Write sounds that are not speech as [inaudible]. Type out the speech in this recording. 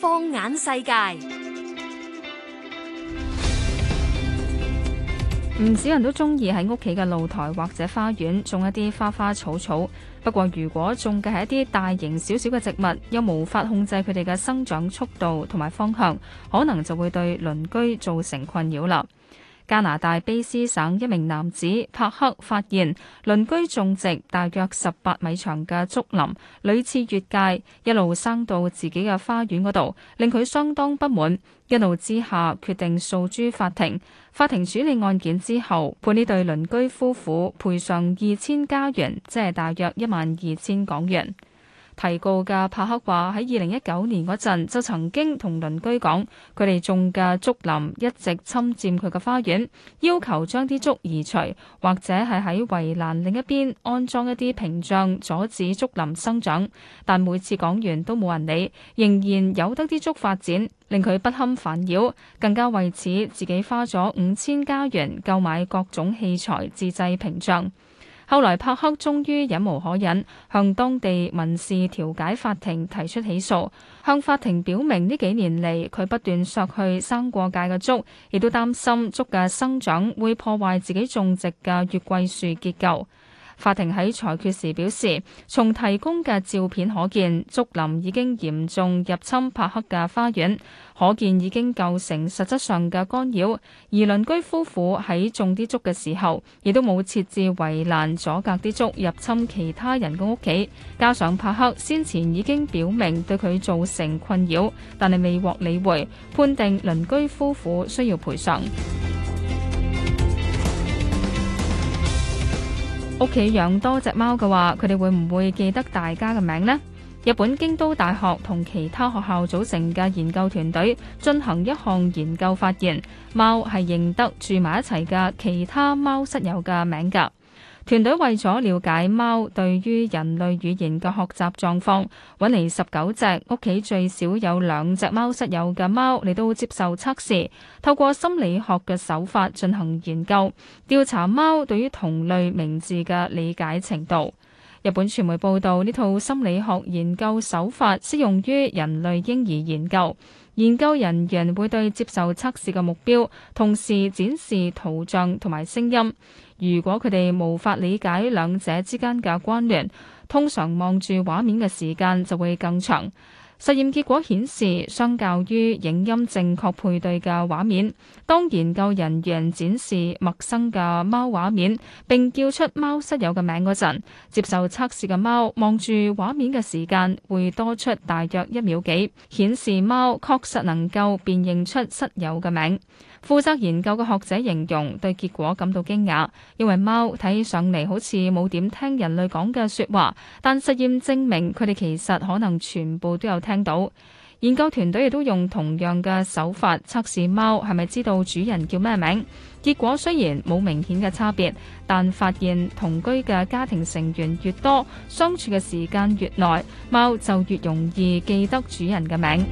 放眼世界，唔 [noise] 少人都中意喺屋企嘅露台或者花園種一啲花花草草。不過，如果種嘅係一啲大型少少嘅植物，又無法控制佢哋嘅生長速度同埋方向，可能就會對鄰居造成困擾啦。加拿大卑斯省一名男子帕克發現鄰居種植大約十八米長嘅竹林，屢次越界，一路生到自己嘅花園嗰度，令佢相當不滿。一怒之下，決定訴諸法庭。法庭處理案件之後，判呢對鄰居夫婦賠償二千加元，即係大約一萬二千港元。提告嘅帕克話喺二零一九年嗰陣就曾經同鄰居講，佢哋種嘅竹林一直侵佔佢嘅花園，要求將啲竹移除，或者係喺圍欄另一邊安裝一啲屏障阻止竹林生長。但每次講完都冇人理，仍然有得啲竹發展，令佢不堪煩擾，更加為此自己花咗五千加元購買各種器材自製屏障。後來，帕克終於忍無可忍，向當地民事調解法庭提出起訴，向法庭表明呢幾年嚟佢不斷削去生過界嘅竹，亦都擔心竹嘅生長會破壞自己種植嘅月桂樹結構。法庭喺裁決時表示，從提供嘅照片可見，竹林已經嚴重入侵帕克嘅花園，可見已經構成實質上嘅干擾。而鄰居夫婦喺種啲竹嘅時候，亦都冇設置圍欄阻隔啲竹入侵其他人嘅屋企。加上帕克先前已經表明對佢造成困擾，但係未獲理會，判定鄰居夫婦需要賠償。屋企養多隻貓嘅話，佢哋會唔會記得大家嘅名呢？日本京都大學同其他學校組成嘅研究團隊進行一項研究，發現貓係認得住埋一齊嘅其他貓室友嘅名㗎。團隊為咗了，了解貓對於人類語言嘅學習狀況，搵嚟十九隻屋企最少有兩隻貓室友嘅貓，嚟都接受測試。透過心理學嘅手法進行研究，調查貓對於同類名字嘅理解程度。日本傳媒報道，呢套心理學研究手法適用於人類嬰兒研究，研究人員會對接受測試嘅目標同時展示圖像同埋聲音。如果佢哋無法理解兩者之間嘅關聯，通常望住畫面嘅時間就會更長。實驗結果顯示，相較於影音正確配對嘅畫面，當研究人員展示陌生嘅貓畫面並叫出貓室友嘅名嗰陣，接受測試嘅貓望住畫面嘅時間會多出大約一秒幾，顯示貓確實能夠辨認出室友嘅名。負責研究嘅學者形容對結果感到驚訝，因為貓睇起上嚟好似冇點聽人類講嘅説話，但實驗證明佢哋其實可能全部都有聽。聽到研究團隊亦都用同樣嘅手法測試貓係咪知道主人叫咩名，結果雖然冇明顯嘅差別，但發現同居嘅家庭成員越多，相處嘅時間越耐，貓就越容易記得主人嘅名。